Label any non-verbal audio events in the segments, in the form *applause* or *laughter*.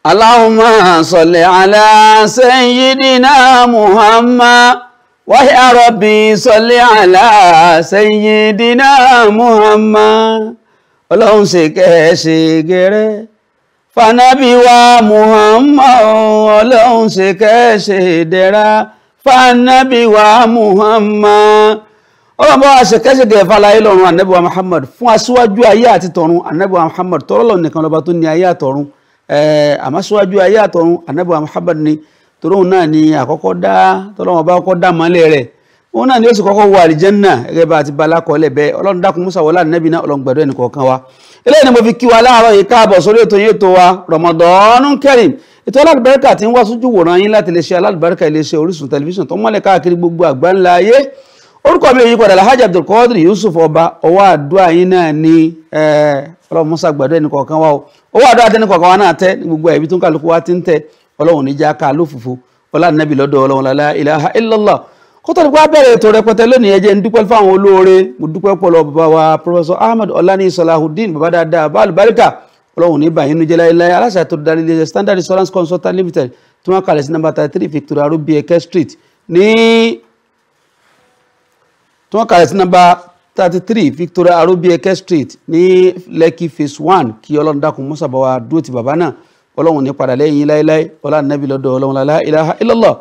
اللهم صل على سيدنا محمد ويا ربي صل على سيدنا محمد ọlọ́run ṣe kẹ́ ṣe gẹ́rẹ́ fanabi wa muhammad ọlọ́run ṣe kẹ́ ṣe dẹ́ra fanabi wa muhammad ọlọ́run bá wa ṣe kẹ́ ṣe gẹ̀ẹ́ fàlàyé lọ́run anabi wa fún aṣíwájú ayé àti tọ̀run anabi wa muhammad nìkan lọ́ba tó ní ayé àtọ̀run àmọ́ síwájú ayé àtọ̀run ànábì Muhammad ni toróhùn náà ni àkọ́kọ́ dá tọ́lọ́wọ́n bá kọ́kọ́ dá mọ́lẹ̀ rẹ̀ òun náà ni ó sì kọ́kọ́ wọ àlìjẹ́nà gẹ́gẹ́ bá ti bala kọ́lẹ̀ bẹ́ẹ̀ ọlọ́run dákun musa wọlé ànábì náà ọlọ́run gbẹ̀dọ̀ ẹnì kọ̀ọ̀kan wa eléyìí ni mo fi kí wa láàárọ̀ yìí káàbọ̀ sórí ètò yìí ètò wa Ramadan Kareem ètò alálùbáríkà ti ń wá sójú wòran yín láti lè ṣe alálùbáríkà iléeṣẹ́ Orísun tẹlifíṣàn tó mọ́lẹ̀ káàkiri gbogbo àgbáńlá ayé orúkọ mi èyí padà Alhaji Qadir Yusuf ọba ọwọ́ àdúrà yín náà ní ọlọ́run musa gbàdúrà ẹnì kọ̀ọ̀kan wa o ọwọ́ àdúrà tẹ́ni kọ̀ọ̀kan wa náà tẹ́ ní gbogbo ẹ̀bí tó ń kálukú wa ti ń tẹ ọlọ́run níjà ká lófùfù ọlànàbì lọ́dọ̀ ọlọ́run lálá ilaha illallah kótó nípa bẹ̀rẹ̀ ètò rẹpẹtẹ lónìí ẹ jẹ́ ń dúpẹ́ fáwọn olóore mo dúpẹ́ pọ̀ bàbá wa Professor Ahmed Ọláni Salahuddin bàbá dáadáa báàlù baríkà ọlọ́run ní bàyín nu jẹ́lá ilá aláṣà tó darí ilé Standard Insurance Consultant Limited tí wọ́n kalẹ̀ sí number thirty Victoria Rubi Eke Street ní tí wọ́n kàlẹ̀ sí nọ́mbà thirty three Victoria Arobieke Street ní Lekki phase one kí ọlọ́run dákun mọ́sà bá wa dúró ti bàbá náà ọlọ́run ní padà lẹ́yìn láéláé ọlá nàbí lọ́dọ̀ ọlọ́run la ilaha illallah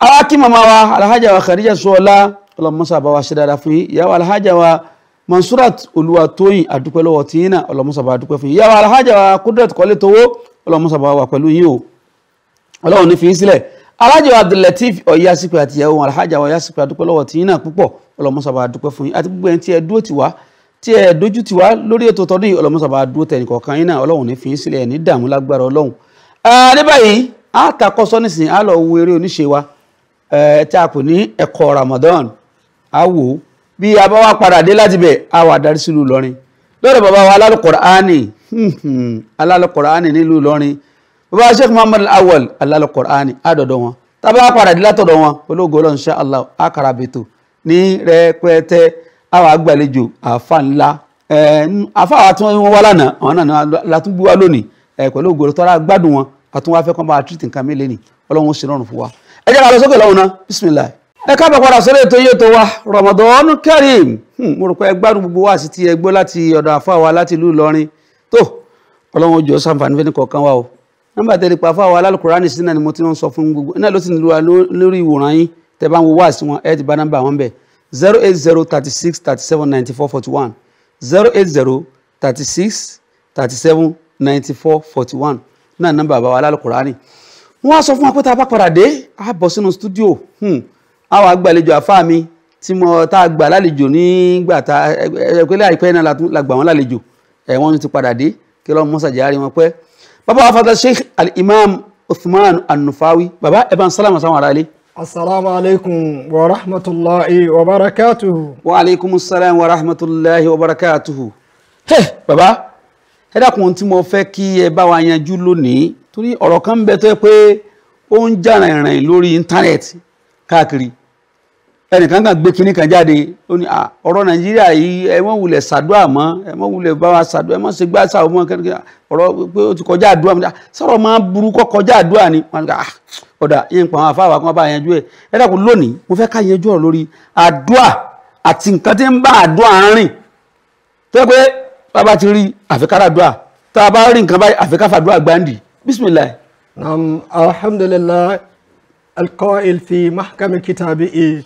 ara kí màmá wa alhaja wa Khadija Suola ọlọ́run mọ́sà bá wa ṣe dáadáa fún yín ìyàwó alhaja wa Mansurat Olúwatóyìn àdúpẹ́ lọ́wọ́ tí yín náà ọlọ́run mọ́sà dúpẹ́ fún yín ìyàwó wa Kudrat Kọ́lé Towó ọlọ́run mọ́sà bá fi yín sílẹ̀ alhaja wa Abdulateef Ọ̀yásípẹ́ àtìyàwó alhaja wa Ọ̀yásípẹ́ ọlọmọsàbà dúpẹ́ fún yín àti gbogbo ẹni tí ẹ dúró tiwa tí ẹ dojú tiwa lórí ètò tọdún yìí ọlọmọsàbà dúró tẹnì kọ̀ọ̀kan yín náà ọlọ́run ní fi yín sílẹ̀ ní dààmú lágbára ọlọ́run. ní báyìí a takọsọ nísìnyí lọ wo eré oníṣe wa tí a pè ní ẹ̀kọ́ Ramadan a wò ó bí a bá wá padà dé láti bẹ̀ a wà darí sílùú lọ́rin lọ́dọ̀ bàbá wa alálùkọ̀rání hmm, alálùkọ̀rání nílùú lọ́rin bàbá Sheikh Muhammad Awwal alálùkọ̀rání àdọ̀dọ̀ wọn tá a Allah àkàrà ní rẹpẹtẹ àwọn agbàlejò àfa ńlá àfa àwọn tí wọ́n wá lánàá àwọn náà látún gbé wá lónìí pẹ̀lú ògbòrò tọ́lá gbádùn wọn àtúnwá fẹ́ kọ́ bá tìrìtì nǹkan mi lẹ́nìí ọlọ́run ó ṣe rọrùn fún wa ẹ jẹ́ ká lọ sókè lọ́wọ́ náà bisimilayi ẹ káàbọ̀ padà sórí ètò yóò tó wa Ramadan Kareem hmm, mo rò pé ẹ gbádùn gbogbo wa àti ti ẹ gbọ́ láti ọ̀dọ̀ àfa wa láti ìlú Ìlọrin tó ọlọ́run ojú ọ̀sán àǹfààní fẹ́ni kọ̀ọ̀kan wa o nọ́mbà tẹ̀lé pa àfa alálùkùránì sínú ni mo ti ń sọ fún gbogbo iná ló ti nílò wa lórí ìwòran yín tẹ́ bá ń wo wáàsí wọn ẹ ti bá nọ́mbà wọn bẹ̀ zero eight zero thirty six thirty seven ninety four forty one zero eight zero thirty six thirty seven ninety four forty one náà nọ́mbà bàbá wa lálùkùránì wọ́n á sọ fún wa pé tá a bá padà dé a bọ̀ sínú stúdíò àwọn hmm. agbàlejò àfáà mi tí mo tá a gbà lálejò nígbà tá ẹgbẹ́ àìpẹ́ náà la gbà wọ́n lálejò ẹ̀wọ̀n ti padà dé kí lọ́mọ sàjáàrí wọn pẹ́ bàbá wa fata Sheikh al-Imam Uthman An-Nufawi bàbá ẹ̀ bá ń sálàmù sáwọn aráalé asalaamu aleykum wa rahmatulahi wa barakatuhu. wa aleykum salaam wa rahmatulahi wa barakatuhu. he baba ẹ dákun ohun tí mo fẹ́ kí ẹ bá wa yanjú lónìí torí ọ̀rọ̀ kan bẹ tó yẹ pé ó ń jà rìnrìn lórí íńtánẹ́ẹ̀tì káàkiri ẹnìkan kan gbé kinní kan jáde ó ní ọ̀rọ̀ nàìjíríà yìí ẹ mọ̀ wulẹ̀ ṣàdúrà mọ́ ẹ mọ̀ wulẹ̀ bá wa ṣàdúrà ẹ mọ̀ ṣe gbá ṣàwọn ọmọ kẹ́kẹ́ ọ̀rọ̀ pé ó ti kọjá àdúrà mi sọ̀rọ̀ máa burú kọ́ kọjá àdúrà ni wọn kà ọ̀dà yẹn pa àwọn afáwà kan bá yanjú ẹ̀ ẹ dàkún lónìí mo fẹ́ ká yanjú ọ̀rọ̀ lórí àdúrà àti nǹkan tí ń bá àdúrà rìn tó pé bàbá ti rí àfikáràdúrà tá a bá rí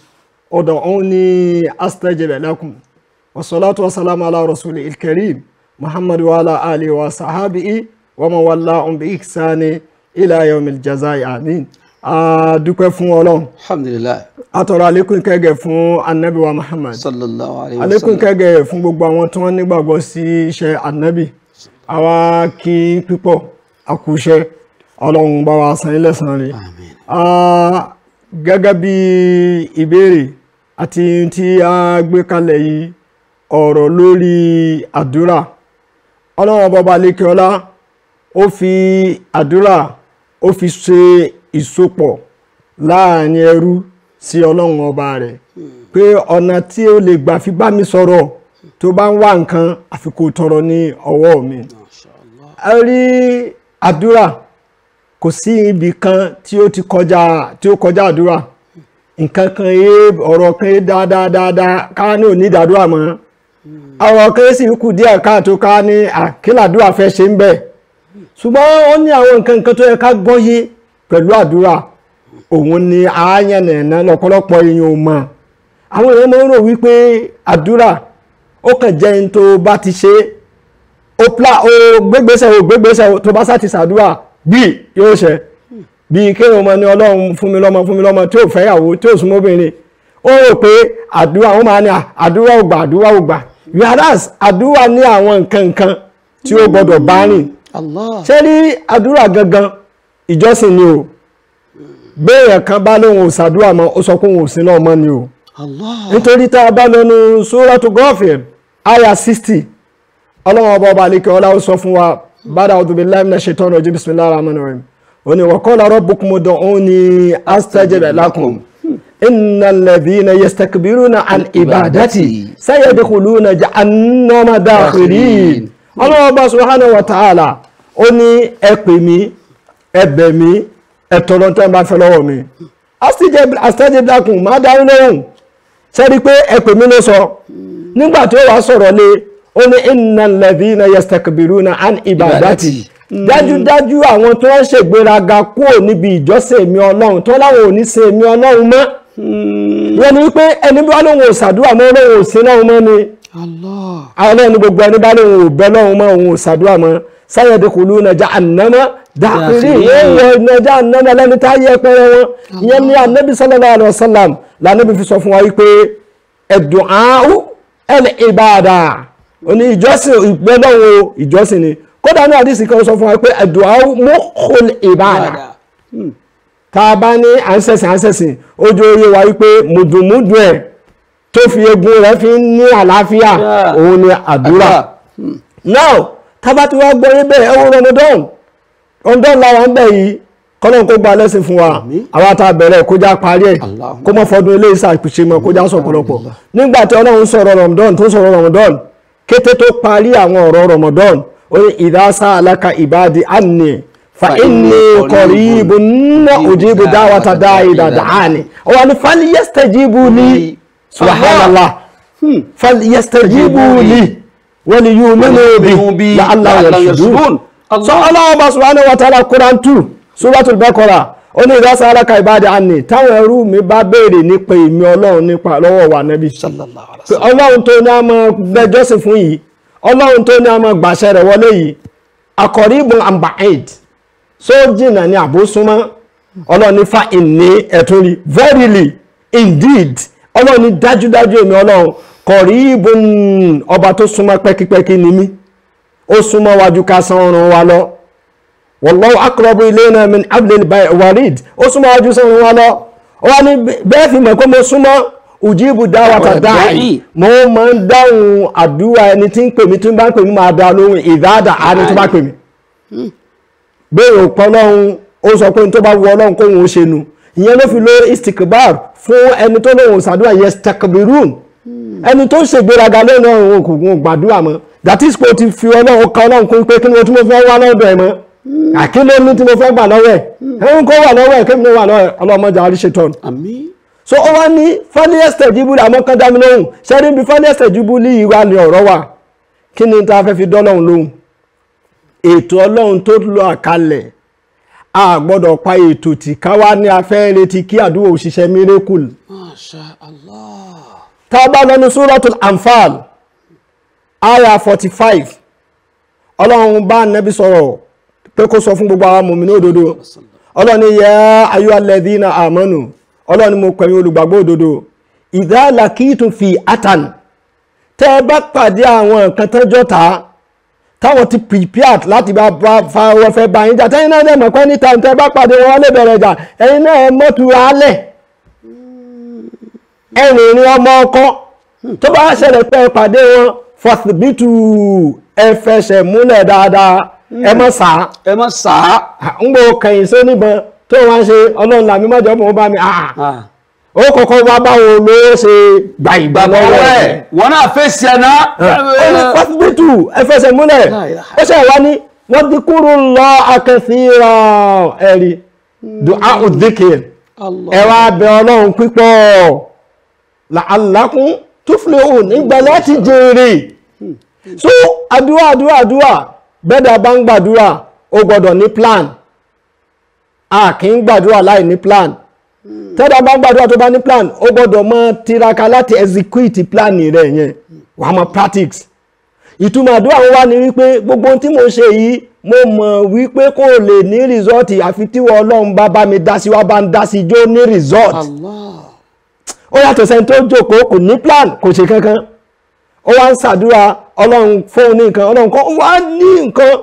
ادعوني استجب لكم والصلاة والسلام على رسول الكريم محمد وعلى آله وصحابه ومن والاهم بإحسان إلى يوم الجزاء آمين a dúpẹ́ fún ọlọ́run. alhamdulilayi. a tọrọ àlékún kẹ́gẹ́ fún anabi wa muhammad. sallallahu alayhi wa sallam. àlékún kẹ́gẹ́ fún gbogbo àwọn tí wọ́n nígbàgbọ́ sí iṣẹ́ anabi. àwa kí pípọ̀ àkúṣe ọlọ́run bá wa san ilẹ̀ san rẹ̀. gẹ́gẹ́ bí ìbéèrè àti tí a gbé kalẹ̀ yìí ọ̀rọ̀ lórí àdúrà ọlọ́run bọba lẹ́kẹ́ọ́lá ó fi àdúrà ó fi ṣe ìsopọ̀ láàrin ẹrú sí ọlọ́run ọba rẹ̀ pé ọ̀nà tí ó lè gbà fi bá mi sọ̀rọ̀ tó bá ń wá nǹkan àfi tọrọ ní ọwọ́ mi a rí àdúrà kò sí ibì kan tí ó ti kọjá àdúrà nǹkan kan yé ọ̀rọ̀ kan yé dáadáa ká ní onídàádúrà mọ́ ọ̀rọ̀ kan yé sì kù díẹ̀ káàtó ká ní àkílàdúrà fẹ́ ṣe ń bẹ̀ ṣùgbọ́n ó ní àwọn nǹkan nǹkan tó yẹ ká gbọ́yé pẹ̀lú àdúrà òun ni àáyànnà lọ́pọ̀lọpọ̀ èèyàn ò mọ̀ àwọn èèyàn máa ń rò wípé àdúrà ó kàn jẹ́ ní tó bá ti ṣe ó gbégbèsè ó gbégbèsè tó bá sá ti ṣàdúrà bíi yóò ṣe bíi kéèyàn ọmọ ní ọlọ́run fún mi lọ́mọ fún mi lọ́mọ tí ò fẹ́yàwó tí ò súnmọ́ obìnrin ó rò pé àdúrà ó máa ní ah, àdúrà ògbà àdúrà ògbà whereas àdúrà ní àwọn nǹkan nǹkan tí ó gbọdọ̀ bá rìn ṣé rí àdúrà gangan ìjọsìn ni o béèyàn kan bá lóun ò ṣàdúrà mọ́ ó sọ pé òun ò sí náà mọ́ ni o nítorí tá a bá lọ́nu suratu Ghafir aya sixty ọlọ́run ọba ọba àlekẹ́ ọlá ó sọ fún wa bàdà ọdún bíi láìmínà ṣaitan rajim bismillahir rahmanir ó ní waqala rabbukum ud'uni astajib lakum innal ladhina yastakbiruna an ibadati sayadkhuluna jahannama dakhirin ọlọ́wọ́ bá subhanahu wa ta'ala ó ní ẹ pè mí ẹ bẹ̀ mí ẹ tọrọ tẹ́ bá fẹ́ lọ́wọ́ mi astajib lakum má dáhùn lóhùn sẹ́rí pé ẹ pè ló sọ nígbà tí wàá sọ̀rọ̀ lé ó ní innal ladhina yastakbiruna an ibadati. Hmm. dájúdájú àwọn tó ń ṣègbéraga kúrò níbi ìjọsìn èmi ọlọ́run tó láwọn ò ní ṣe èmi ọlọ́run mọ́ wọ́n hmm. ní wípé ẹni bá lóun ò ṣàdúrà mọ́ lóun ò sí lọ́run mọ́ ni àwọn ẹni gbogbo ẹni bá lóun ò bẹ lọ́run mọ́ òun ò ṣàdúrà mọ́ sáyẹ̀ dẹkùlù nàjà ànámọ́ dàkúrì èèyàn nàjà ànámọ́ lẹ́ni tá yẹ pẹ́rẹ́ wọn ìyẹn ní anábì sallallahu alaihi wasallam lànàbì fi sọ fún wa wípé ẹ̀dùn àáhù ẹ̀lẹ́ ìbáadà òní ìjọsìn ìgbẹ́lọ́wọ́ ìjọsìn ni kódà ní àdìsí kan sọ fún wa pé àdùá mọ́kòl ìbáàdà tá a bá ní ànsẹ̀sìn ànsẹ̀sìn ojú orí wa wípé mùdùmùdù ẹ̀ tó fi egun rẹ̀ fi ní àlàáfíà òun ni àdúrà hmm. now tábàtí wàá gbọ́ yín bẹ́ẹ̀ ẹ wo ramadan ramadan làwọn ń bẹ̀ yìí kọ́lọ́n kó gba lẹ́sìn fún wa àwa tá a bẹ̀rẹ̀ kó já parí ẹ̀ kó mọ́ fọdún ilé iṣẹ́ àpèṣe mọ́ kó já sọ̀pọ̀lọpọ̀ nígbà tí ọlọ́run sọ̀rọ̀ ramadan tó sọ̀rọ̀ ramadan kété tó parí àwọn ọ̀rọ̀ ramadan ó ní ìdásá aláka ìbádí àní fa inni qaribun ujibu dáwàtà dáìdà dáàni ó wà ní fal yastajibu li subhanallah hmm. fal yastajibu li wal yu'minu bi la'allahum yarshudun sọ ọlọ́ọ̀bá subhanahu wa ta'ala Quran 2 Suratul Baqarah ó ní ìdásá aláka ìbáde àní táwọn ẹrú mi bá béèrè nípa ìmí ọlọ́run nípa lọ́wọ́ wa nẹ́bí ọlọ́run tó ní a máa gbẹjọ́sìn fún yìí ọlọ́run tó ní a gbàṣẹ rẹ̀ wọlé yìí akọ̀rí ibùn àmbà aid so jìnnà ọlọ́run ní fa ìní ẹ̀tún rí verily indeed ọlọ́run ní dájúdájú èmi ọlọ́run kọ̀rí ibùn ọba tó súnmọ́ pẹ́kípẹ́kí ni mí ó súnmọ́ wájú ká san lọ warid ó súnmọ́ wájú san ọrùn wa lọ ní bẹ́ẹ̀ fi mọ̀ pé mo ujibu dáwàtà dáì mo máa ń dáhùn àdúrà ẹni tí ń pè mí tí ń bá ń pè mí máa dá lóhùn ìdáàdà àni tó bá pè mí bẹ́ẹ̀ ò pọ́ lọ́hùn ó sọ pé tó bá wù ọlọ́hùn kóhùn ó ṣe nu ìyẹn ló fi lo istikbar fún ẹni tó lóhùn ṣàdúrà yastakbirun ẹni tó ṣègbéraga lẹ́nu ọ̀run òkùnkùn gbàdúrà mọ́ that is pé o ti fi ọlọ́run kan ọlọ́run kún pé kí ni mo tún mo fẹ́ wá lọ́dọ̀ ẹ̀ mọ́ àkínlẹ́nu tí mo fẹ́ gbà lọ́wọ́ ẹ̀ ẹ̀hún kó wà lọ́wọ́ ẹ̀ kémi ló wà lọ́wọ́ ẹ̀ ọlọ́mọdé àríṣetọ́nù so ó wá ní fọ́níẹ̀sì ìjìbú àmọ́ kan dá mi lóhùn ṣé rí bí fọ́níẹ̀sì ìjìbú ní ìwà ni ọ̀rọ̀ wà kí ni tá a fẹ́ fi dọ́lọ́hùn lóhùn ètò ọlọ́run tó lọ àkàlẹ̀ a gbọ́dọ̀ pa ètò tí ká wá ní afẹ́ retí kí àdúrà òṣìṣẹ́ miracle. Masha Allah. tá a bá lọ ní suratul Anfal aya forty five ọlọ́run bá nẹ́bí sọ̀rọ̀ pé kó sọ fún gbogbo àwọn mòmìnir òdodo ọlọ́run ni yẹ́ ayọ́ alladhina amanu ọlọ́run mo pẹ̀yìn olùgbàgbọ́ òdodo ìdálà kí tún fi atan tẹ́ ẹ bá pàdé àwọn nǹkan tẹ́jọ́ ta táwọn ti prepared láti bá fa wọn fẹ́ bá yín jà tẹ́yìn náà dẹ̀ mọ̀ pé ní time tẹ́ ẹ bá pàdé wọn lè bẹ̀rẹ̀ jà ẹ̀yin náà ẹ mọ́tura alẹ̀ ẹ̀rìn ni ọmọ ọkọ tó bá ṣẹlẹ̀ pé ẹ pàdé wọn fọsibítù ẹ fẹsẹ̀ múlẹ̀ dáadáa ẹ má sá ẹ má sá ń gbọ́ kẹ̀yìn sí níbọn tó wá ṣe ọlọ́run làmí má jọ́ mọ̀ bá mi ah, ah. ó kọ́kọ́ wá báwo ló ṣe gbà ìgbà lọ́wọ́ ẹ̀ wọ́n náà fèsì ẹ̀ náà ah. ó ní pásítítù ẹ fẹsẹ̀ múlẹ̀ ó ṣe wá ní wọ́n ti kúrò lọ akẹ́sìrọ̀ ẹ̀rí dùá òdìkìr ẹ wá bẹ ọlọ́run pípọ̀ làálàkún túfúlẹ̀hù nígbà láti jèrè hmm. so àdúrà àdúrà àdúrà bẹ́ẹ̀dà bá ń gbàdúrà ó gbọ́dọ̀ ní plan. a kì í gbàdúrà láì ní plan tẹ́lá bá gbàdúrà tó bá ní plan ó gbọ́dọ̀ mọ tiraka láti execute plan rẹ̀ yẹn wà á mọ practice ìtumọ̀ àdúrà wọn wá ní wípé gbogbo ohun tí mo ṣe yìí mo mọ̀ wípé kò lè ní result àfi tí wọn ọlọ́run bá bá mi dá sí wá bá ń dá sí jó ní result ó yàtọ̀ sẹ́ni tó jókòó kò ní plan kò ṣe kankan ó wá ń ṣàdúrà ọlọ́run fóun ní nǹkan ọlọ́run kan ó wá ní nǹkan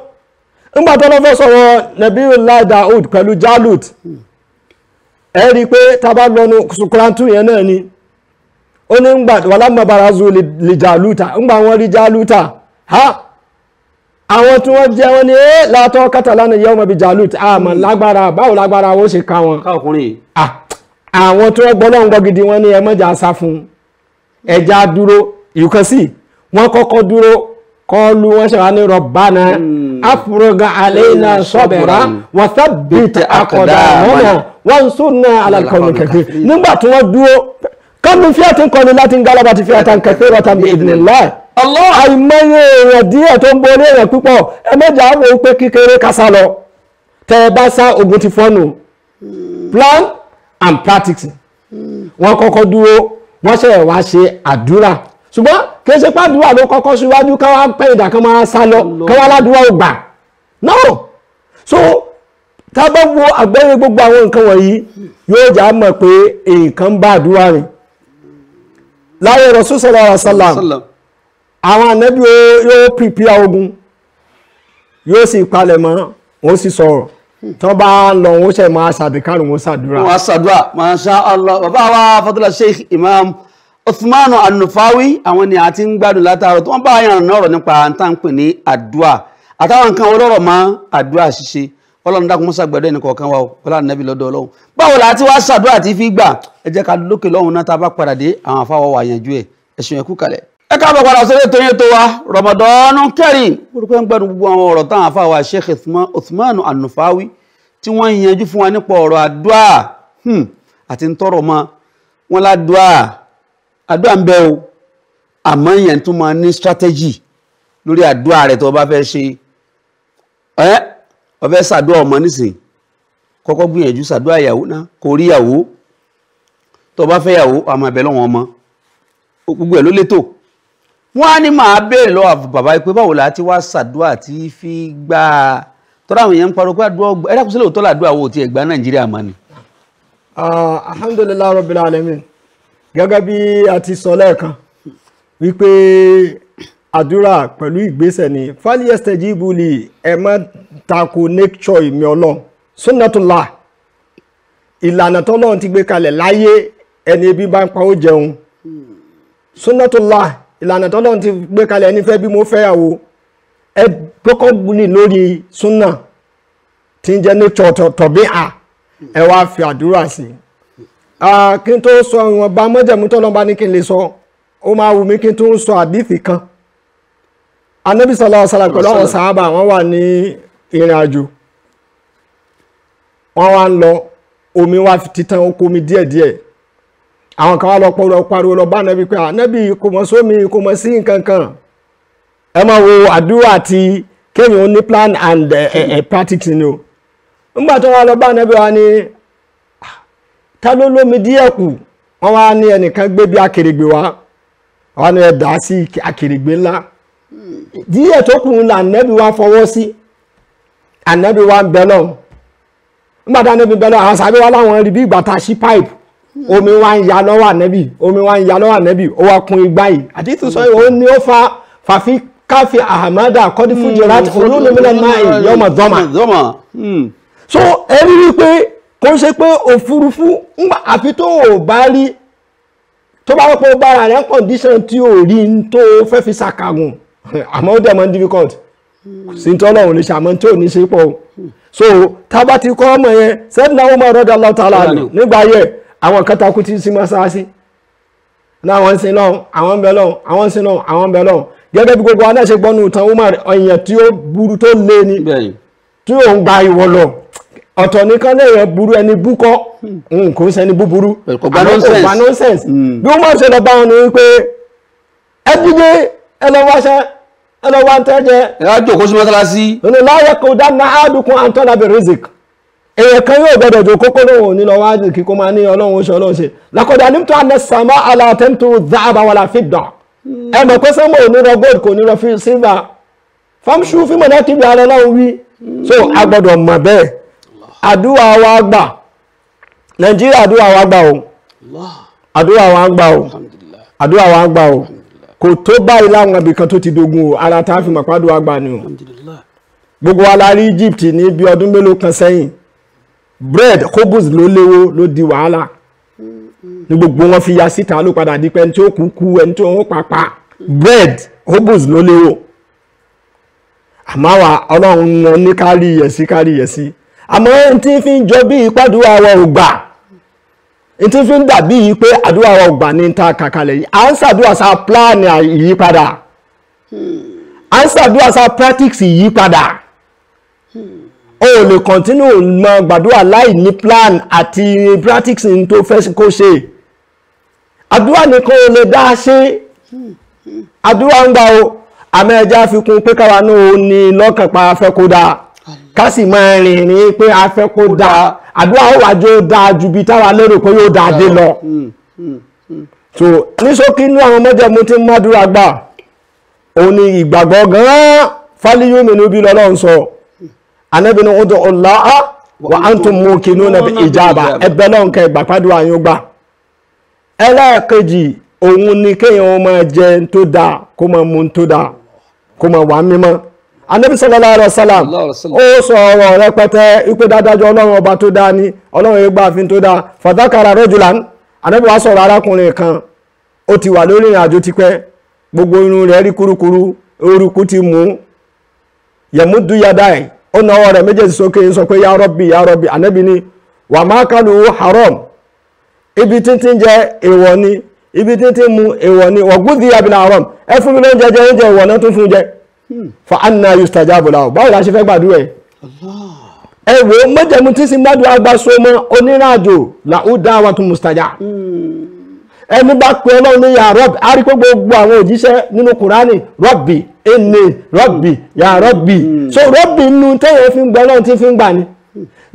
nígbà tó lọ́fẹ́ sọ̀rọ̀ Nabiyullah Daud pẹ̀lú Jalut ẹ rí i pé tá a bá lọ́nu kùràntù yẹn náà ni ó ní ń gbà walamma barazu li Jaluta ń gbà wọ́n rí Jaluta ha àwọn tí wọ́n jẹ́ wọ́n ní ẹ́ látọ́ kátàlánà yẹ́ ọmọ bí Jalut àmọ́ lágbára báwo lágbára ó ṣe ká wọn. káàkùnrin. àwọn tí wọ́n gbọ́dọ̀ ń gbọ́ gidi wọ́n ní ẹmọ́jà sá fún ẹja dúró you can see wọ́n kọ́kọ́ dúró kọlu wọn ṣẹ̀wá ní rọ̀bánà afúrọ̀gà àlẹ́yìnà sọ́bẹ̀rà wọ́n sábìtì akọ̀dà lọ́nà wọ́n súnà alàkọ̀ọ̀nù kẹfẹ́ nígbà tí wọ́n dúró kánú fíàtì kọ́ni láti ń galaba ti fíàtà kẹfẹ́ rọ̀tà bí ìdìnnìlá àìmọye èèyàn díẹ̀ tó ń borí èèyàn púpọ̀ ẹ mẹ́jà pé kékeré kásá lọ tẹ́ ẹ bá sá ogun ti fọ́nù plan and practice hmm. wọ́n kọ́kọ́ dúró wọ́n ṣẹ̀ wá ṣe àdúrà ṣùgbọ́n kì í ṣe pàdúrà ló kọ́kọ́ síwájú ká wá pẹ́ ìdà kan máa sá lọ ká wá ò gbà no so tá a bá wo àgbẹ̀rẹ̀ gbogbo àwọn nǹkan wọ̀nyí yóò jà á mọ̀ pé nǹkan bá àdúrà rìn láyé rọ̀ṣù sọ̀rọ̀ àṣàlám àwọn ànábì yóò pìpìà ogun yóò sì palẹ̀ mọ́ wọ́n sì sọ̀rọ̀ tó bá lọ wọ́n ṣe máa ṣàbíkárùn-ún ṣàdúrà. wọ́n ṣàdúrà máa ṣá Allah bàbá wa fadúlà sheikh imam Uthmanu Anufawi àwọn ni àti ń gbádùn látàárọ̀ tí wọ́n bá yànnà náà ọ̀rọ̀ nípa àǹtàǹpè ní àdúà àtàwọn nǹkan olórọ̀ mọ́ àdúà ṣíṣe ọlọ́run dákun mọ́sá gbẹ̀dọ̀ ẹnì kọ̀ọ̀kan wa o ọlọ́run nẹ́bí lọ́dọ̀ ọlọ́run báwo la ti wá ṣàdúrà tí fi gbà ẹ jẹ́ ká lókè lọ́hùn náà tá a bá padà dé àwọn afáwọ̀ wà yanjú ẹ̀ ẹ̀sùn ẹ̀kú kalẹ̀. ẹ káàbọ̀ padà sórí ètò yẹn tó wa Ramadan Kareem orúkọ ń gbẹnu gbogbo àwọn ọ̀rọ̀ táwọn afáwọ̀ Sheikh àdúrà ń bẹ o àmọ́ èèyàn tún máa ní strategy lórí àdúrà rẹ̀ tó bá fẹ́ ṣe ẹ́ ọ̀fẹ́ ṣàdúrà ọmọ nísìn kọ́kọ́ gbìyànjú ṣàdúrà ìyàwó náà kò rí ìyàwó tó bá fẹ́ ìyàwó àmọ́ ẹ̀bẹ̀ lọ́wọ́ ọmọ gbogbo ẹ̀ ló létò wọ́n á ní màá béèrè lọ́wọ́ bàbá pé báwo la ti wá ṣàdúrà tí fi gbà á tọ́lá àwọn èèyàn ń parọ́ pé àdúrà ọgbà ẹ̀dá kò sílẹ̀ òótọ́ rabbil alamin gẹ́gẹ́ bí a ti sọ lẹ́ẹ̀kan wípé àdúrà pẹ̀lú ìgbésẹ̀ ni fàlíyẹsẹ̀ jíbulì ẹ má tako nature ìmí ọlọ́run sunnatullah ìlànà tọ́lọ́run ti gbé kalẹ̀ láyé ẹni ebi bá ń pa ó jẹun sunnatullah ìlànà tọ́lọ́run ti gbé kalẹ̀ ẹni fẹ́ bí mo fẹ́yàwó ẹ gbọ́kọ́ gbúlì lórí sunna tí ń jẹ́ nature tọ̀bí à ẹ wá fi àdúrà sí i. Ah, kí n tó sọ ìwọ̀nba mọ́jẹ̀mú tọ́lọ́ba ní kí n lè sọ ó máa wù mí kí n tó sọ àdífì kan anábì sallallahu alaihi wasallam pẹ̀lú àwọn sàábà wọ́n wà ní ìrìn àjò wọ́n wá ń lọ omi wá ti tán ó komi díẹ̀díẹ̀ àwọn kan wá lọ pọ̀rọ̀ pariwo lọ bá anábì pé anábì kò sómi kò sí nǹkan kan ẹ máa wo àdúrà àti kéèyàn ní plan and eh, eh, eh, practice ni o nígbà tó wá lọ bá anábì wa ta ló lómi díẹ̀ kù wọ́n wá ní ẹnìkan gbé bí akèrègbè wá wọ́n ní ẹ̀dá sí akèrègbè ńlá díẹ̀ tó kù ní ànábì wa fọwọ́ sí ànábì wa ń náà nígbà tá ànábì ń náà àwọn sábẹ́ wa láwọn rí bí ìgbà tá a ṣí pipe omi wa ń ya lọ́wọ́ ànábì omi wa ń ya lọ́wọ́ ànábì ó wá kún igbá yìí àti ìtúsọ ìwọ ó ní ó fa fàfi káfí ahamada kọ́dífújì rati olóòlùmílẹ̀ náà so ẹ rí kò ń ṣe pé òfurufú ńgbà àfi tó o bá rí tó bá wọ́pọ̀ bára rẹ̀ condition tí o rí n tó fẹ́ fi ṣàkàgùn *laughs* àmọ́ ó dẹ̀ mọ́ difficult sí tí ọlọ́run lè ṣàmọ́ tí ò ní ṣe pọ̀ so tábà ti kọ́ ọmọ yẹn sẹ́dínà ọmọ ọ̀rọ̀dà lọ́tàlá nígbà yẹ àwọn kan takú ti sí mọ́ṣáláṣí láwọn ń sin lọ́hùn àwọn ń bẹ lọ́hùn àwọn ń sin lọ́hùn àwọn ń bẹ lọ́hùn gẹ́gẹ́ bí gbogbo aláṣẹ gbọ́nù tán ó máa ọ̀yàn tí ó burú tó lé ni tí òun gba ìwọ lọ ọ̀tọ̀ nìkan lẹ́yìn burú ẹni búkọ́ hmm. Hmm, kò ń sẹni búburú kò gba nonsense hmm. bí wọ́n máa ṣe lọ bá wọn ni wípé ẹ díje ẹ lọ wáṣẹ ẹ lọ wá ń tẹ́jẹ. ẹ á sí nínú láyé kò dá máa á dùnkún antona berizik èèyàn kan yóò gbọdọ̀ jò kókó lóhùn òní lọ wá kí kó máa ní ọlọ́run oṣù ọlọ́run ṣe lakọ̀dà nímtọ́ alẹ́ sàmọ́ alàtẹ́ntò dáàbà wà láfi dàn ẹ mọ̀ pé sẹ́mọ̀ òní gold kò ní fi silver fámṣú fímọ̀ náà kí bí ara ọlọ́run wí so a gbọdọ̀ mọ̀ bẹ́ẹ̀ àdúrà wa gbà nigeria àdúrà wa gbà o àdúrà wa gbà o àdúrà wa gbà o kò tó báyìí láwọn ibìkan tó ti dogun o ara tá a fi mọ̀pá àdúrà gbà ni o gbogbo wa la rí Egypt ní ọdún mélòó kan sẹ́yìn bread kobus ló léwó ló di wàhálà ní gbogbo wọn fi ya síta ló padà di pé ẹni tí ó kú kú ẹni tí ó bread kobus ló léwó àmọ́ wa ọlọ́run wọn ní àmọ́ tí fi ń jọ bí ìpàdúrà wa ò gbà tí fi ń dàbí yìí pé àdúrà wa ò ní ta kàkàlẹ̀ yìí à ń ṣàdúrà sa plan ìyípadà à ń ṣàdúrà sa practice ìyípadà o lè continue mọ gbàdúrà láì ní plan àti practice tó fẹ́ kó ṣe àdúrà nìkan ò lè dá ṣe àdúrà ń gbà o àmọ́ fi kún pé káwa náà ó ní lọ́kàn pa afẹ́ kó dáa. ká sì máa rìn pé a fẹ́ kó dáa àdúrà ó wájú ó dáa ju bí táwa lérò pé lọ. Hmm, hmm, hmm, so ní ṣókí inú àwọn mọ́jẹ̀mú tí ń mádùúrà gbà òun ni ìgbàgbọ́ gan-an fáliyómi ní bí lọ́lọ́run sọ Ànábì ní ud'u Allaha wa antum muqinuna bil ijaba ẹbẹ̀ lọ́hùn kẹ́ ìgbàpádùn gbà ẹlẹ́ẹ̀kejì òun ni kéèyàn máa jẹun anabi sallallahu alayhi wa sallam ó sọ ọ̀rọ̀ rẹpẹtẹ wípé dádájọ ọlọ́run ọba tó dáa ni ọlọ́run ẹgbà àfin tó dáa fàdákàrà rọjùlán anabi wa sọ̀rọ̀ arákùnrin kan ó ti wà lórí ìrìn àjò tipẹ́ gbogbo irun rẹ̀ rí kurukuru orúkú ti mú yẹmúdú yadá ẹ ó na ọwọ́ rẹ̀ méjèèjì sókè sọ pé ya Rabbi ya Rabbi anabi ni wà má kánú haram ibi títí jẹ èèwọ̀ ni ibi títí mu èèwọ̀ ni wọgùdí abinahram ẹ fún mi lóúnjẹ jẹ oúnjẹ ìwọ náà tún fún jẹ. fa anna yustajabu lahu báwo la ṣe fẹ́ gbàdúrà ẹ̀ ẹ wò ó mọ́jẹ̀mú tí sinbadu agba so mọ́ onírànàjò làwọn dáwà tó mustaja hmm. ẹni bá pe ọlọ́run ní ya rọ́bì á rí pé gbogbo àwọn òjíṣẹ́ nínú kùránì rọ́bì ẹni rọ́bì ya rọ́bì hmm. so rọ́bì nu téèyàn fi ń gbọ́ ọlọ́run tí fi ń gbà ni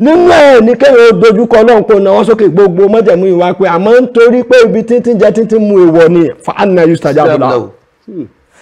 nínú ẹ̀ ní kéèyàn dojúkọ ọlọ́run kò náwó sókè gbogbo mọ́jẹ̀mú ìwà pé àmọ́ nítorí pé ibi je jẹ́ títí mu èèwọ̀ ni fa anna yustajabu lahu. Hmm.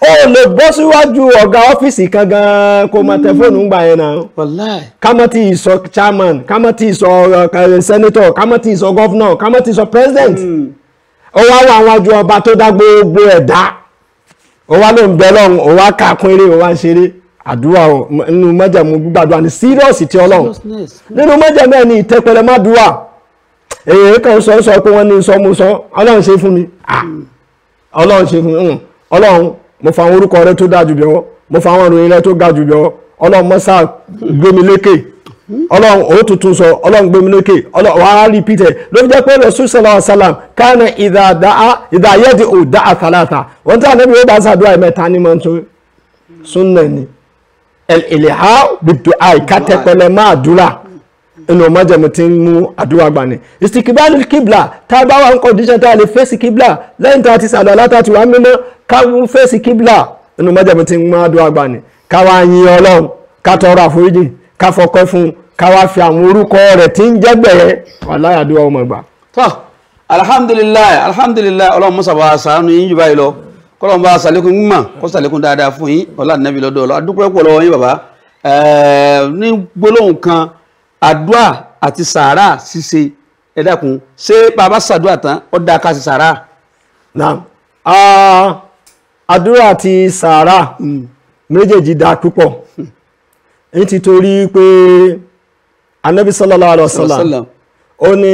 o le bọ́ síwájú ọ̀gá ọ́fíìsì kan gan kó máa tẹ fóònù gbà yẹn náà kámọ́tì sọ chairman kámọ́tì sọ eh, senator kámọ́tì sọ governor kámọ́tì sọ president hmm. ó wá wá àwọn ọba tó dá gbogbo ẹ̀dá ó wá ló ń bẹ lọ́run ó wá ó wá ń ṣeré àdúrà nínú ti ọlọ́run nínú ẹ̀ ní má èyí kan sọ sọ pé wọ́n ní ọlọ́run ṣe fún mi ah, hmm. ọlọ́run fún mi hmm. ọlọ́run mo fa àwọn orúkọ rẹ tó dáa jù bíọ́ mo fa àwọn ìròyìn rẹ tó ga jù bíọ́ ọlọ́run mọ́sá gbémi lékè ọlọ́run ó tuntun sọ ọlọ́run gbémi lékè ọlọ́run wàá repeat ẹ̀ ló fi jẹ́ pé rasul sallallahu alayhi wa sallam kánà ìdáyẹ́dì ò dá àtàlàtà wọ́n tí ànábì ó dá sàdúrà mẹ́ta ní mọ́tò súnà ni ìlẹ̀há gbèdò àìkátẹ́pẹlẹ máa dúrà inú ọmọ jẹmu ti ń mú àdúrà gbà ní. ìsìkìbá ní kíbla tá a bá wà ń kọ́ díṣẹ́ tá a lè fèsì kíbla lẹ́yìn tá a ti sàlọ̀ látàtúwà mímọ́ káwọn fèsì kíbla inú mọ́jàmú ti ń mọ́ àdúrà gbà ní káwa yin ọlọ́run ká tọrọ àforíjì ká fọkọ́ fún káwa fi àwọn orúkọ rẹ̀ tí ń jẹ́gbẹ̀ẹ́ wàláhì àdúrà ọmọ ìgbà. tó alhamdulilayi alhamdulilayi ọlọ́run musa bá a sàánú yín jù báyìí lọ kọ́lọ́run bá a sàlékún mímọ̀ kó sàlékún dáadáa fún yín ọlá nàbí lọ́dọ̀ ọlọ́ adúpẹ́ pọ̀ yín bàbá ní gbólóhùn kan àdúà àti sàárà ṣíṣe ẹ ṣé bàbá sàdúà tán ó dáa ká sí sàárà. náà àdúrà ti sàárà hmm. méjèèjì dáa púpọ̀ nítorí pé anabi sallallahu alayhi wa sallam ó ní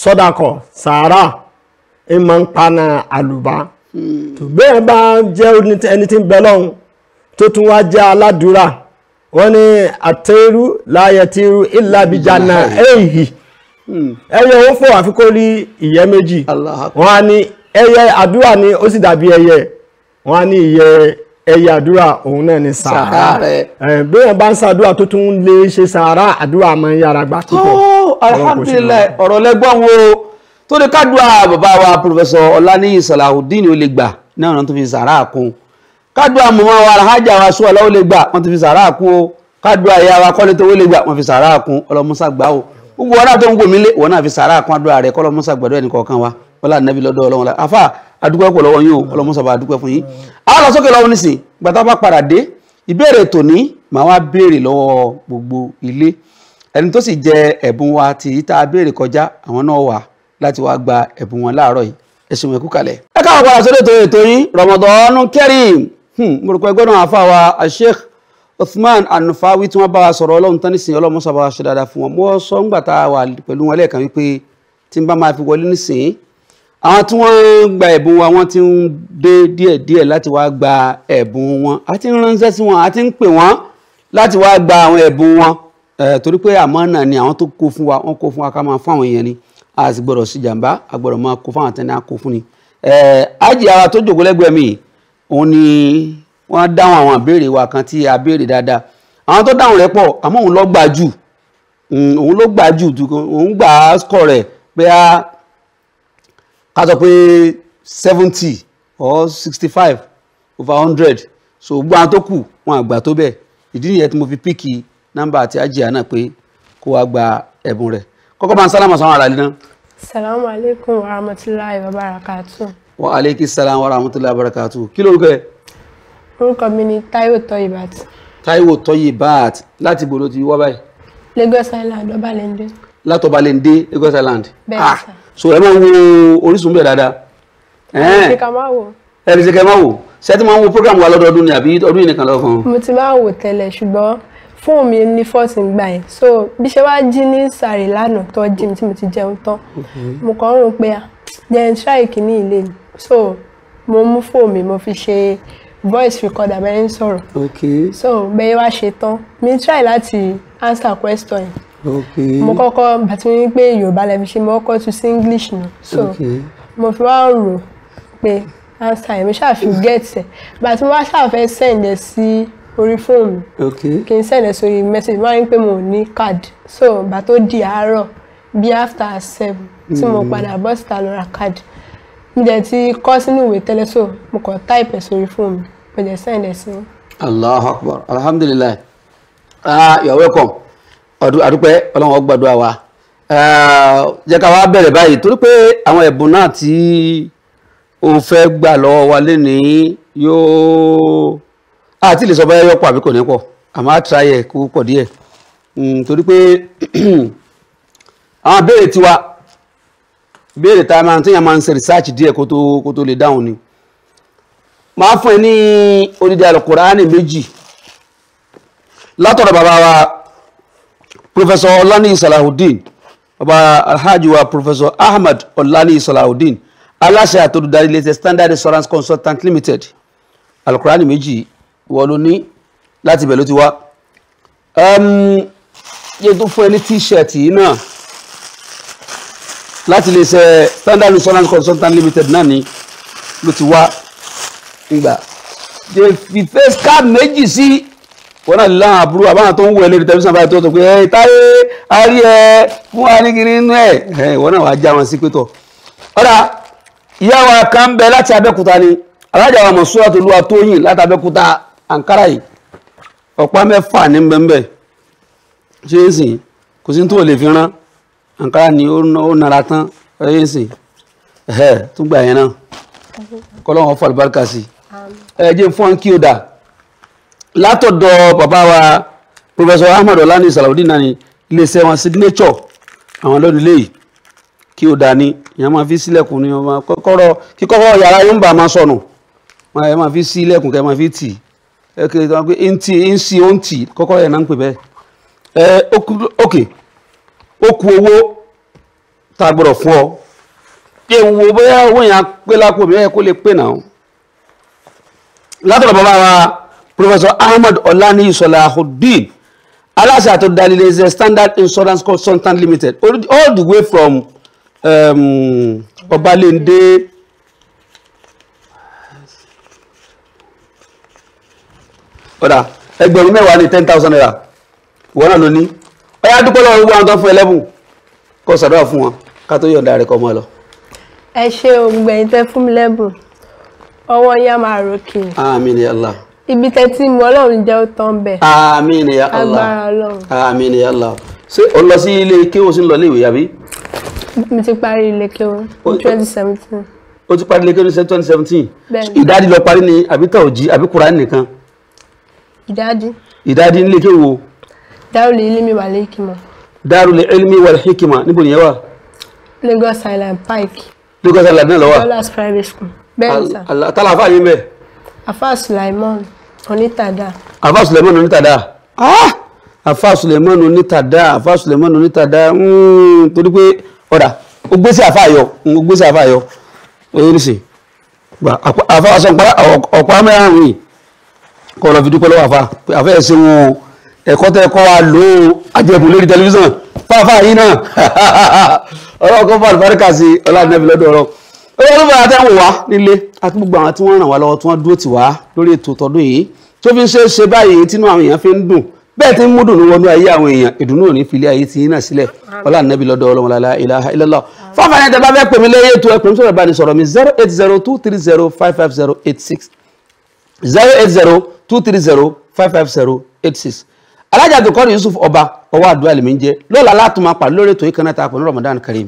sọ́dàkọ̀ sàárà ń máa ń paná àlùbá hmm. bẹ́ẹ̀ bá jẹ́ ẹni tí ń bẹ lọ́hùn tó tún wá jẹ́ aládùúrà wọ́n ní àtẹ́rù láyẹ̀tẹ́rù ìlàbíjànà èyí ẹyẹ ó fò àfikún rí ìyẹ́ méjì wọ́n á ní ẹyẹ wọ́n á ní iye ẹyẹ àdúrà òun náà ni sàárà rẹ̀ bẹ́ẹ̀ bá ń sàdúrà tó tún lè ṣe sàárà àdúrà máa ń gbà púpọ̀. alhamdulilayi ọ̀rọ̀ lẹ́gbọ́n wo tó lè kádùá bàbá wa pòfẹ́sọ ọláníyì sàlàhùdíìnì ó lè gbà náà wọ́n tún fi sàárà kún kádùá mọ̀mọ́ wa alhaja wa sùwàlá ó lè gbà wọ́n tún fi sàárà kún o kádùá ìyá wa kọ́lé tó wọlé gbà wọ́n fi sàárà kún ọlọ́mọsá gbà o gbogbo ọ̀rá tó ń gbòmílé wọ́n náà fi sàárà kún àdúrà rẹ̀ kọ́lọ́mọsá gbàdúrà ẹnì kọ̀ọ̀kan wa wọ́n lá adúpẹ́ pọ̀ lọ́wọ́ yín o ọlọ́mọ́sọ̀bà adúpẹ́ fún yín a lọ sókè lọ́wọ́ nísìn gbàtà bá padà dé ìbéèrè tòní màá wá béèrè lọ́wọ́ gbogbo ilé ẹni tó sì jẹ ẹ̀bùn wa tí tá a béèrè kọjá àwọn náà wà láti wá gba ẹ̀bùn wọn láàárọ̀ yìí ẹ ṣeun kalẹ̀. ẹ káwọn padà sórí ètò ètò yín Ramadan Kareem hmm, mo rò pé gbọ́dọ̀ àfa wa Sheikh Uthman Anufawi tí wọ́n bá wa sọ̀rọ̀ ọlọ́run tán nísìnyí ọlọ́run mọ́sàbá ṣe dáadáa fún wọn mo sọ ńgbà tá a wà pẹ̀lú wọn lẹ́ẹ̀kan wípé tí n bá máa fi wọlé nísìnyí àwọn tí wọ́n ń gba ẹ̀bùn wa wọ́n ti ń dé díẹ̀díẹ̀ láti wá gba ẹ̀bùn wọn a ti ń ránṣẹ́ sí wọn a ti ń pè wọ́n láti wá gba àwọn ẹ̀bùn wọn torí pé àmánà ni àwọn tó kó fún wa wọ́n kó fún wa ká máa fún àwọn èèyàn ni a sì gbọ́dọ̀ sí jàǹbá a gbọ́dọ̀ máa kó fún àwọn tẹ́ni a kó fún ni. ájì ara tó jòkó lẹ́gbẹ̀ẹ́ mi òun ni wọ́n dáhùn àwọn àbéèrè wa kan tí a béèrè dáadáa àwọn ká sọ pé seventy or sixty five over hundred so gbogbo àwọn tó kù wọn àgbà tó bẹ́ẹ̀ ìdí nìyẹn tí mo fi píkì nọ́mbà àti ajíà náà pé kó wá gba ẹ̀bùn rẹ̀ kọ́kọ́ bá ń sálámà sáwọn ará líná. salamu aleykum wa rahmatulahi wa barakatu. wa aleykum salam wa rahmatulahi wa barakatu kí lórúkọ ẹ. orúkọ mi ni Táíwò Toyibat. Táíwò Toyibat láti ibo ló ti wá báyìí. Lagos Island Ọbalende. látọbalende Lagos Island. bẹ́ẹ̀ ah! sà so ẹ máa wo Orísun bẹ́ẹ̀ dáadáa. ẹ ṣe ká máa wò. ẹ ṣe ká máa wò ṣé ti máa ń wo program wa lọ́dọọdún ni àbí ọdún yìí nìkan lọ fún un. mo ti máa wò tẹ́lẹ̀ ṣùgbọ́n fóònù mi ní fọ́ọ̀sì ń gbà yẹn so bí ṣe wá jí ní sàrè lánàá tó jí mi tí mo ti jẹun tán mo kàn ń rò pé jẹun ṣáì kìíní ilé mi so mo mú fóònù mi mo fi ṣe voice recorder bẹ́ẹ̀ ń sọ̀rọ̀ so bẹ́ẹ̀ wá ṣe tán mi try láti answer question yẹn mo kọ́kọ́ bàtí wọ́n pé yorùbá lẹ́bi ṣe mo kọ́kọ́ tún sí english nù so mo fi wá rò pé answer yẹn mi ṣáà fi get ẹ̀ bàtí mo ṣáà fẹ́ send ẹ̀ sí orí fóònù kí n send ẹ̀ sórí message wọ́n á rí pé mo ní card so bá tó di àárọ̀ bí after seven tí mo hmm. padà bọ́ síta lọ ra card mo dẹ̀ ti kọ́ sínú ìwé tẹ́lẹ̀ so mo kàn type ẹ̀ sórí fóònù mo dẹ̀ send ẹ̀ sí. Allah Akbar alhamdulilayi ah you are welcome àdúpẹ́ ọlọ́run ọgbàdúrà wa eh, jẹ́ ká wá bẹ̀rẹ̀ báyìí torí pé àwọn ẹ̀bùn náà tí o fẹ́ gbà lọ́wọ́ wa lénìí yóò àti lè sọ báyọ̀ yọpọ̀ àbí kò ní pọ̀ àmọ́ àtúráyẹ̀ kó pọ̀ díẹ̀ hmm, torí pé *clears throat* àwọn béèrè tiwa béèrè tá máa ń tẹ́yàn máa ń ṣe research díẹ̀ kó tó lè dáhùn ni máa fún ẹ ní odidi alukuraani méjì látọ̀rọ̀ bàbá wa professor ọlani salahudeen ọba alhaji wa professor Ahmad ọlani salahudeen aláṣẹ àtọ́dúdarí latest standard insurance consultant limited alukurani méjì wọ́n ló ní láti ibẹ̀ ló ti wá. yóò tún fún ẹ t-shirt yìí náà láti lè ṣe standard insurance consultant limited náà ni ló ti wá nígbà. dè fìfẹ́ scarf méjì sí wọn náà láwọn àbúrò àbáwọn tó ń wọ ẹlẹ́rìí tẹlifíṣàn báyìí tó tó pé ẹ táyé arí ẹ fún wa inú ẹ ẹ wàá já wọn sí pé tọ. ọ̀rà ìyá wa kan bẹ láti abẹ́kúta ni alájà wa Mọ́súrátolúwa Tóyìn láti abẹ́kúta Ankara yìí ọ̀pá mẹ́fà ní bẹ́ńbẹ́ ṣé é sìn kò sí tó lè fi rán Ankara ni ó nara tán ṣé é sìn ẹ̀ tún gbà yẹn náà kọ́lọ́wọ́n fọ́ àlùbáríkà sí ẹ̀ jẹ́ fún kí o dà. látọ̀dọ̀ bàbá wa professor ahmed olani salawudeen nani iléeṣẹ́ wọn signature àwọn lónìí kí o dání ìyá máa fi sílẹ̀kùn ní ọmọ kọ́kọ́rọ́ kí kọ́kọ́rọ́ yàrá yóò máa sọnù ẹ máa fi sílẹ̀kùn kẹ́ máa fi tì ẹ kiri tí wọ́n pe ń tì ń si ó ń tì kọ́kọ́rọ́ yẹn náà ń pè bẹ́ẹ̀ ẹ ókè ó owó tá a gbọ́dọ̀ fún ọ wa. professor ahmed olani solahuddin aláṣẹ àtọ̀dánilẹ́sẹ̀ standard insurance consultant limited all the way from um, ọbalẹ́ndé ọ̀dà ẹgbẹ̀rún mẹ́wàá ní ten thousand naira ìwọ náà ló ní ọ̀yá dúpẹ́ lọ́wọ́ gbogbo àwọn tó ń fún ẹlẹ́bùn kó sàdúrà fún wọn ká tó yọ̀ǹda rẹ̀ kọ́ mọ́ lọ. ẹ ṣe ògbẹ̀yìn tẹ́ fún mi lẹ́bùn ọwọ́ yá máa rókè. Allah ibi tẹ́tí mu ọlọ́run jẹ́ ó tán bẹ́ẹ̀. àmín ya Allah agbára ọlọ́run. àmín ya Allah ṣé o lọ sí ilé kéwò sí lọ léèwé àbí. mo ti parí ilé kéwò ní twenty seventeen. o ti parí ilé kéwò ní twenty seventeen. bẹ́ẹ̀ni ìdádì lọ parí ni àbí tẹ̀ òjì àbí kùránì nìkan. ìdádì. ìdádì nílé kéwò. Darul Ilmi wal Hikma. Darul Ilmi wal Hikma níbo nìyẹn wà. Lagos Island Pike. Lagos Island náà lọ wà. Dollars private school. bẹ́ẹ̀ni sà. àlàtàlà fáyín bẹ́ẹ̀ afa Sulaiman Onítadáa. afa Sulaiman Onítadáa ah afa Sulaiman Onítadáa afa Sulaiman Onítadáa hmm, torí pé ọ̀dà ó gbé sí afa yọ O gbé sí afa yọ oye nìsín gba afa aṣọ ọ̀pá mẹ́rin yìí kọ́ ọ lọ fi dúpẹ́ lọ́wọ́ afa afa ẹ̀ ṣe wọn o ẹ̀kọ́ tẹ́ kọ́ wa lò ó ajẹ́bù lórí tẹlifíṣàn fáfáà yìí náà *laughs* ọlọ́kọ́ fún àlùbáríkà sí ọlá nẹ́bí lọ́dọ̀ ọ̀rọ̀ olórí bàbá tẹ́ ń wò wá nílé àti gbogbo àwọn tí wọ́n ràn wá lọ́wọ́ tí wọ́n dúró tì wá lórí ètò tọdún yìí tó fi ń ṣe é ṣe báyìí tínú àwọn èèyàn fi ń dùn bẹ́ẹ̀ tí ń mú dùnú wọnú ayé àwọn èèyàn ìdùnnú òní fi ilé ayé ti yínà sílẹ̀ ọlá nàbí lọ́dọ̀ ọlọ́run lálá ilaha illallah fáfáyà tẹ bá fẹ́ pèmí lé ètò ẹ pèmí sọ̀rọ̀ ìbáni sọ̀rọ̀ mi zero eight zero two three zero five five zero eight six zero eight zero two three zero five five zero eight six alájà dùkọ́ ni Yusuf ọba ọwọ́ àdúrà lèmi ń jẹ lọ́la látùmọ̀ pàdé lórí ètò ìkànnì